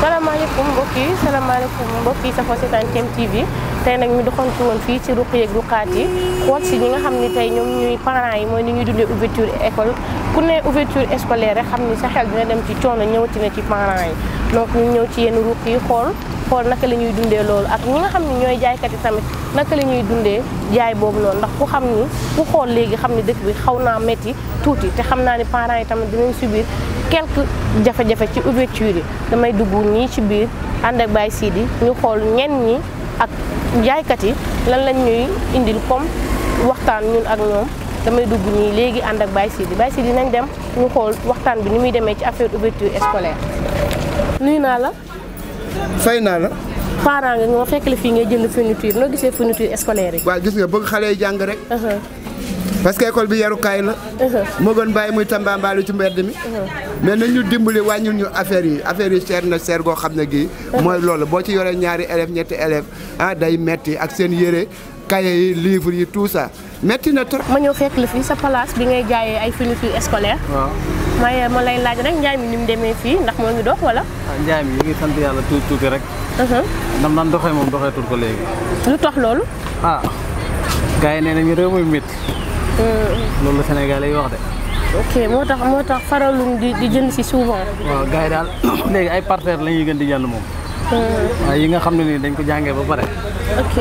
salaamaaleykum mbokk yi salaamaaleykum mbokk yi safoo seetaan Thiam TV tey nag ñu si woon fii ci ruq yeeg ruqaat yi xool si ñi nga xam ne tey ñoom ñuy parents yi mooy ni ñuy dundee ouverture école ku ne ouverture scolaire rek xam ni sa xel dina dem ci coono ñëwati na ci parents yi donc ñu ñëw ci yenn ruq yi xool xool naka la ñuy dundee loolu ak ñi nga xam ne ñooy jaaykat yi tamit naka la ñuy dundee jaay boobu noonu ndax ku xam ni ku xool léegi xam ni dëkk bi xaw naa metti tuuti te xam naa ni parent yi tamit dinañ subir quelques jafe-jafe ci ouverture yi damay dugg nii ci biir ànd ak Baye Sidi ñu xool ñenn ñi ak jaaykat yi lan lañ ñuy indil comme waxtaan ñun ak ñoom damay dugg nii léegi ànd ak Baye Sidi Baye Sidi nañ dem ñu xool waxtaan bi ni muy demee ci affaire ouverture scolaire nuyu naa la fay naa la. parent nga nga fekk la fii ngay jënd fourniture noo gisee fourniture scolaire yi. waaw gis nga bëgg xale yi jàng rek. Uh-huh. parce que école bi yarukaay la. Uh-huh. moo gën bàyyi muy tambaambaalu ci mbedd mi. Uh-huh. mais nañ ñu dimbali wàññil ñu affaire yi affaire yi seer na seer goo xam ne gi mooy loolu boo ci yoree ñaari élèves ñetti élèves ah day metti ak seen yére cahier yi livre yi tout ça metti na trop. ma ñëw fekk la fii sa place bi ngay jaayee ay fourniture scolaire. may eh, ma lay laaj rek njaay mi ni mu demee fii ndax moo ngi dox wala. Ah, njaay mi ñu ngi sant yàlla tuuti tuuti rek. Uh-huh. nam ma doxee moom doxeetul ko léegi. lu tax loolu. ah gars yi nee nañu réew mi métti. Mm-hmm. loolu la Sénégal yi wax de. ok moo tax moo tax faralum di di jënd si souvent. waaw gars daal léegi ay partenaires la ñuy gën di jënd moom. waaw ah, yi nga xam ne nii dañ ko jàngee ba pare. ok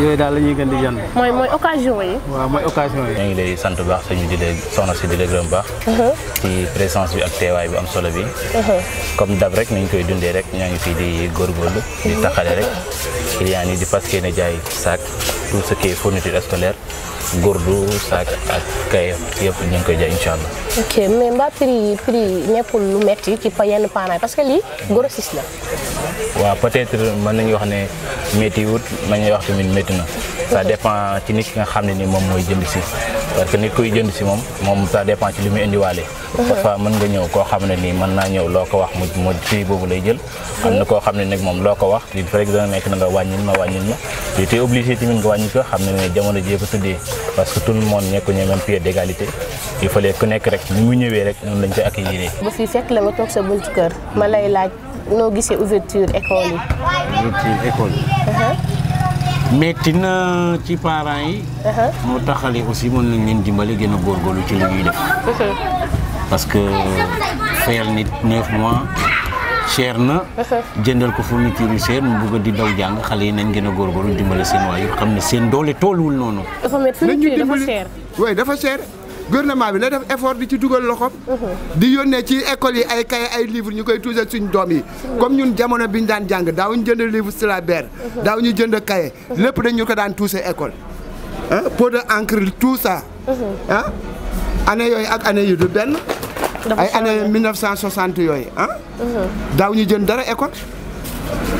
yooyu daal la ñuy gën di jënd. mooy mooy occasion yi. waaw mooy occasion yi. ñu ngi lay sant bu baax sëñ bi di leen soxna si di leen gërëm baax. Uh-huh. ci présence bi ak teewaay bu am solo bi. Uh-huh. comme dab rek ni koy dundee rek ñoo ngi fii di góorgóorlu. di taxale rek. clients yi di fas yéene jaay sac tout ce qui est fourniture scolaire góorlu sac ak kay yëpp ñu ngi koy jaay incha allah. ok mais mbaa prix yi prix lu metti ci yenn parents parce que lii grossiste la. waaw peut-être mën nañu wax ne métti wut ma nañu wax tamit métti na. dépend ci nit nga xam ne ni moom mooy jënd si. parce que nit kuy jënd si moom moom ça dépend ci li muy indiwaale. Mhm. parfois mën nga ñëw koo xam ne nii mën naa ñëw loo ko wax mu mu prix boobu lay jël. Mhm. am na koo xam ne nag moom loo ko wax di nekk na nga ma wàññil ma te te obligé tamit nga wàññi ko le monde nekk ñu ku nekk rek ni ñëwee rek noonu lañ ko accueillir. fekk la nga toog sa buntu kër ma lay laaj noo gisee ouverture école yi. Mhm. metti na ci parents yi. Uh-huh. moo tax xale aussi mën nañ leen dimbale gën a góorgóorlu ci li ñuy def. Uh-huh. parce que fayal nit neuf mois cher na. Uh-huh. jëndal ko fourniture yu cher mu bugg di daw jàng xale yi nañ gën a góorgóorlu dimbale seen waayur xam ne seen doole tooluwul noonu. dafa métti fourniture dafa dafa cher. gouvernement bi na def effort di ci dugal loxoom. di yónnee ci école yi ay kay ay livre ñu koy tuusal suñ doom yi. comme ñun jamono bi ñu daan jàng daaw ñu jënd livre syllabaire. daaw ñu jënd kaye. lépp dañ ñu ko daan tuuse école. ah pot de encre tout ça. ah année yooyu ak année yu du benn. ay année 1960 yooyu ah. Mhm. daaw ñu jënd dara école.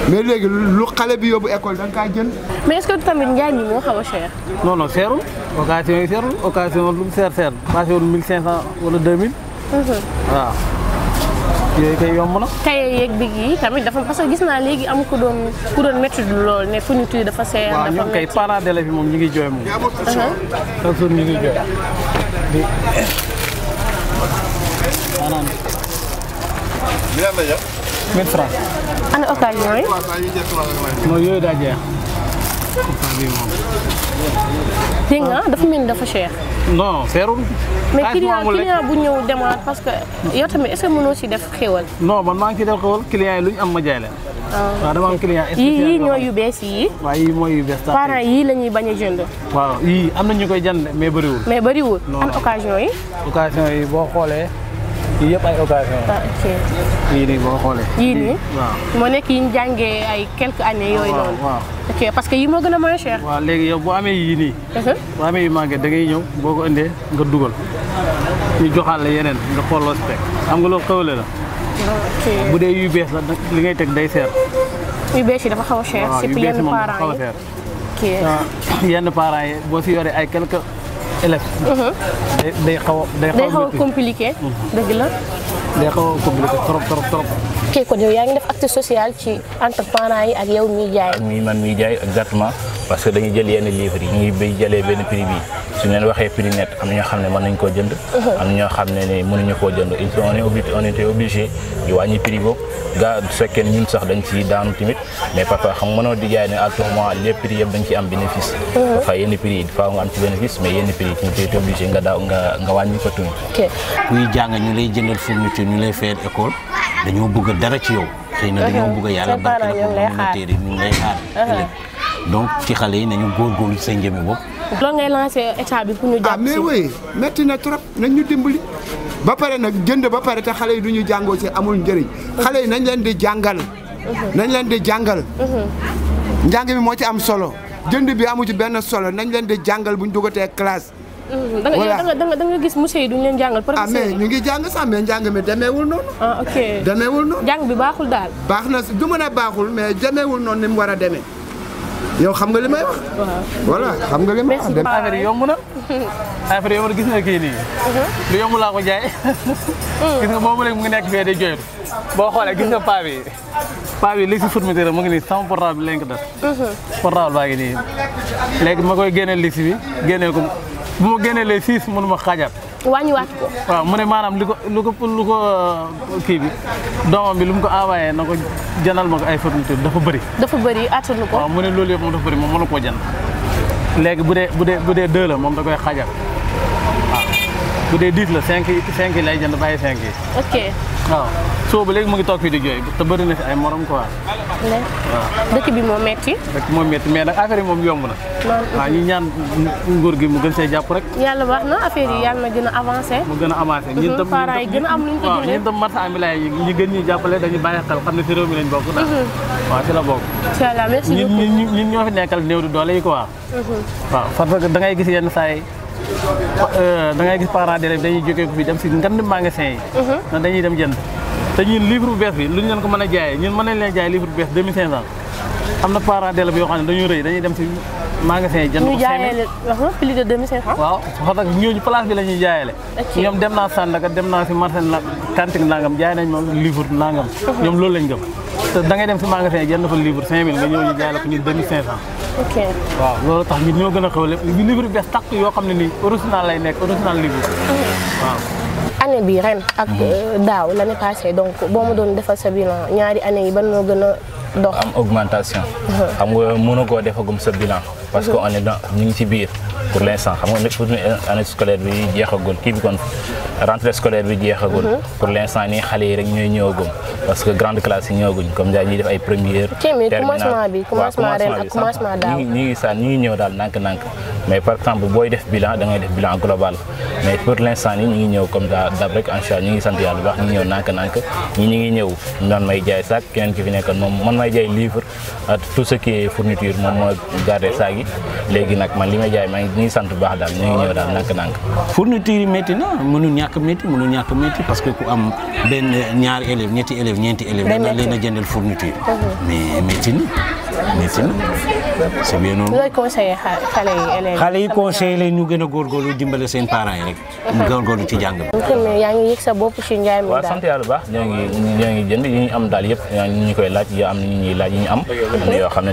mais léegi lu xale bi yóbbu école da nga kaa jënd. mais tamit njaay mi moo xaw a cher. non non seerul occasion yi seerul occasion lu mu seer seer passé woon wala deux mille. Mhm. waaw. yooyu kay yomb na. kaye yeeg big yi tamit dafa parce que gis naa léegi am ku doon ku doon métti lool ne fourniture dafa seer. dafa métti waaw ñoom kay parents d'élèves bi moom ñu ngi jooy moom. Uh-huh. chaque jour ñu ngi jooy. 1000 francs. ana occasion yi. mooy yooyu daa jeex. dafa mel ni dafa cher. non seerul. mais client bu ñëw demaat parce que yow tamit est-ce que def xéwal. non man maa ngi ciy def xéwal client yi lu am ma jaay leen. Ah. waaw dama am client. yii yii yu bees yi waaw yii mooy yu bees. parents yii lañuy ñuy bañ a jënd. waaw yii am na ñu koy jënd mais bariwul mais bëriwul. am occasion yi. occasion yi boo xoolee. yii yëpp ay occasion ah, nii boo xoolee. yii nii waaw. moo nekk yi ñu jàngee ay quelques année yooyu noonu. waaw parce que yii moo gën a moins cher. waaw léegi yow boo amee yii nii. Uh-huh. boo amee yu màggee dangay ñëw boo ko indee nga dugal ñu joxaat la yeneen nga xooloo si xam nga loolu xewle la. bu dee yu bees la li ngay teg day seer. yu bees yi dafa xaw a cher. waaw yu yi xaw a cher. Ah, yenn parents yi boo si yoree ay quelques. élève. Uh-huh. day xaw day xaw a compliqué mm-hmm. dëgg la. day xaw a compliqué trop trop trop. ok kon yaa ngi def acte social ci entre yi ak yow miy jaay. mi man miy jaay exactement. parce que dañuy jël yenn livres yi ñu ngi jëlee benn prix bi suñ leen waxee prix am ñoo xam ne mën nañ koo jënd uh-huh. am na ñoo xam ne ne mënuñu koo jënd il faut on est obligé on était obligé ñu wàññi prix boobu su fekkee ñun sax dañ ci daanu tamit mais papa xam mënoo di jaay ne à tout moment am bénéfice uh-huh. dafa yenn prix yi dafa nga am ci bénéfice mais yenn prix yi ñu tey obligé nga daaw nga nga wàññi ko tuuti kuy jàng ñu lay jëndal fourniture ñu lay fayal école dañoo bëgg dara ci yow xëy dañoo uh-huh. bëgg yàlla barke la ko mën a téere ñu lay xaar donc ci xale yi nañu góorgóorlu ci seen jëmmi bopp. loolu ngay lancé état bi pour ñu jàpp si. ah mais na trop nañ ñu dimbali. ba pare nag jënd ba pare te xale yi du ñu jàngoo si amul njëriñ. xale yi nañ leen di jàngal. Mhm. nañ leen di jàngal. Mhm. njàng mi moo ci am solo. jënd bi amu ci benn solo nañ leen di jàngal bu ñu dugatee classe. Mhm. voilà da nga da nga gis monsieur yi duñ leen jàngal. professeur ah ñu ngi jàng sax mais njàng mi demeewul noonu. ah ok demeewul noonu. jàng bi baaxul daal. baax na si du mën a baaxul mais demeewul noonu ni mu war a demee. yow xam nga li may wax. voilà xam nga li may wax. affaire yi yomb na affaire yomb na gis nga kii nii. Uh-huh. lu yomb laa ko jaay. Uh. gis nga boobu léegi mu ngi nekk fee di jooytu boo xoolee gis nga paa bi paa bi léegi si foot météo mu ngi nii sama portable bi lañ ko def. portable baa ngi nii léegi ma koy génneel liste bi génneel ko bu ma génneelee six mënuma xaajaat. wàññiwaat ko. waaw mu maanaam li ko lu ko lu ko uh, kii bi doomam bi lu ko envoyé na ko jëndal ma ko ay fourniture dafa bëri. dafa bëri attanu ko. waaw mu ne loolu yëpp moom dafa bëri moom mënu koo jënd léegi bu dee bu dee bu dee deux la moom da koy xaajal bu dee dix la cinq yi lay jënd bàyyi cinq yi. ok waaw soo ba mu ngi toog fii di jooy te bëri na fi ay morom quoi. waaw dëkk bi moo metti dëkk moo metti mais nag affaire yi moom yomb na. waaw ñu ñaan nguur gi mu gën see jàpp rek. yàlla baax na affaire yi yàlla na gën a avancé. mu gën a avancé ñun mhm, tam faaraay gën a am lu ñu ko jëlee ñun tam marsa amila yi ñu gën ñuy jàppale dañuy bàyyi xel xam ne ci réew mi lañ bokk daal. Mhm. waaw ci la bokk. incha allah merci beaucoup ñun ñun ñoo fi nekkal néew di doole yi quoi. Mhm. waaw parce que da ngay gis yenn saa yi euh, da ngay gis parents d'élèves dañuy jógee ko fi dem si ngand magasin yi. na dañuy dem jënd te ñun livre bu bees bi lu ñu leen ko mën a jaayee ñun mën nañ leen jaay livre bu bees 2500 am na parents d'élèves yoo xam ne dañuy rëy dañuy dem si magasin yi jënd ko 5000 ñu jaayee leen wax nga plus de 2500. waaw wax nag ñooñu place bi la dem naa Sandaga dem naa si marché na kantik nangam nañ moom livre nangam. Mhm. ñoom loolu lañ gëm. te da ngay dem si magasin yi jënd fa livre 5000 ñu ñun 2500. ok waaw loolu tax ñun ñoo gën a xew lépp livre bu bees tàq yoo xam ne nii original lay nekk original livre mhm. année bi ren ak mhm. euh, daaw l'année passée donc boo ma doon defal sa bilan ñaari année yi ban a dox am augmentation mhm. xam nga mënu koo defagum sa bilan parce que mhm. on est dans ñu ngi ci biir bi jeexagul kii bi kon rentrée scolaire bi jeexagul pour l'instant nii xale yi rek ñooy ñëwagum parce que grande classe yi ñëwaguñ comme daal ñuy def ay première terminale commencement bi ñëw daal nànk-nànk mais par exemple booy def bilan da def bilan global mais pour l' instant nii ñu ngi ñëw comme ça dab rek incha ñu ngi sant yàlla bu baax ñu ngi ñëw nànk-nànk ñi ñu ngi ñëw noonu jaay saak keneen ki fi nekk moom man may jaay livre ak tout ce qui est fourniture moom moo garder saak léegi nag man li may jaay maa ngi sant bu baax daal ñu ngi ñëw daal nànk-nànk. fourniture yi métti na mënu ñàkk métti mënu ñàkk métti parce que ku am benn ñaari élèves ñetti élèves ñeenti élèves. dana leen a jëndal fourniture. mais métti na. métti na c'est bien noonu. looy conseillé xale yi élèves xale yi conseillé leen ñu gën a góorgóorlu dimbale seen parents yi rek. ñu góorgóorlu ci jàng bi. yaa ngi yëg sa bopp ci njaay mi daal waaw sant yàlla bu baax ñoo ngi ñoo ngi jënd yi ñu am daal yëpp ñu ñu koy laaj yi am ñu ñuy ñu am. am na yoo xam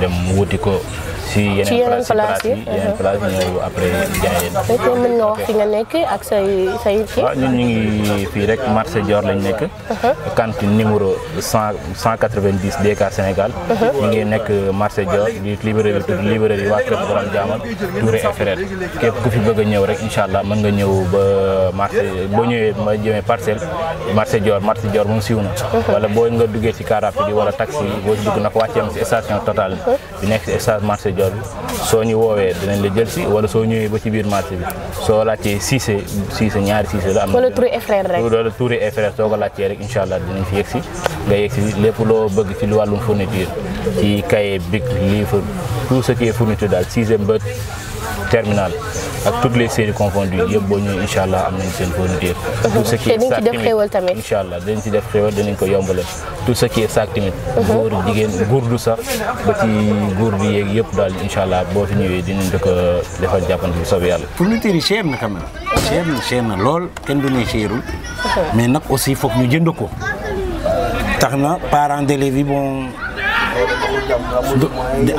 dem wuti ko. ci yeneen place yi yeneen place après jaay leen ko mën nga ñu fii rek marché Dior lañ nekk cantine numéro cent quatre-vingt-dix gis DK Sénégal uh-huh. ñu ngi nekk marché Dior di librairie bi tudd librairie waa kër borom jaamal Touré et frère képp ku a ñëw rek incha allah mën nga ñëw ma jëmee parcelle marché Dior marché Dior moom siiw na uh-huh. wala boo nga duggee ci car rapide si bi uh-huh. nekk la si wala soo ñëwee ba ci biir la am wala lépp loo bëgg ci lu wàllum fourniture ci cahier bic livre tout ce qui est fourniture daal sixième ba terminale ak tout les séries confondues yëpp boo ñëwee incha allah am nañ seen fourniture. Mhm. tout ce qui est sac tamit incha allah dañ ci def xéwal danañ ko yombale tout ce qui est sac tamit. góor jigéen góorlu sax ba ci góor bi yeeg yëpp daal incha allah boo fi ñëwee di ko defal jàppante bu soobee yàlla. fourniture yi cher na quand même. Mhm. cher na cher na lool kenn du ne cherul. Mhm. mais nag aussi foog ñu jënd ko. tax na parents d'élèves yi bon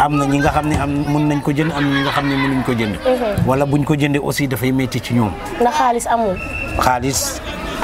am na ñi nga xam ne am mën nañ ko jënd am na ñi nga xam ne nañ ko jënd. Mhm. wala buñ ko jëndee aussi dafay métti ci ñoom. ndax xaalis amul. xaalis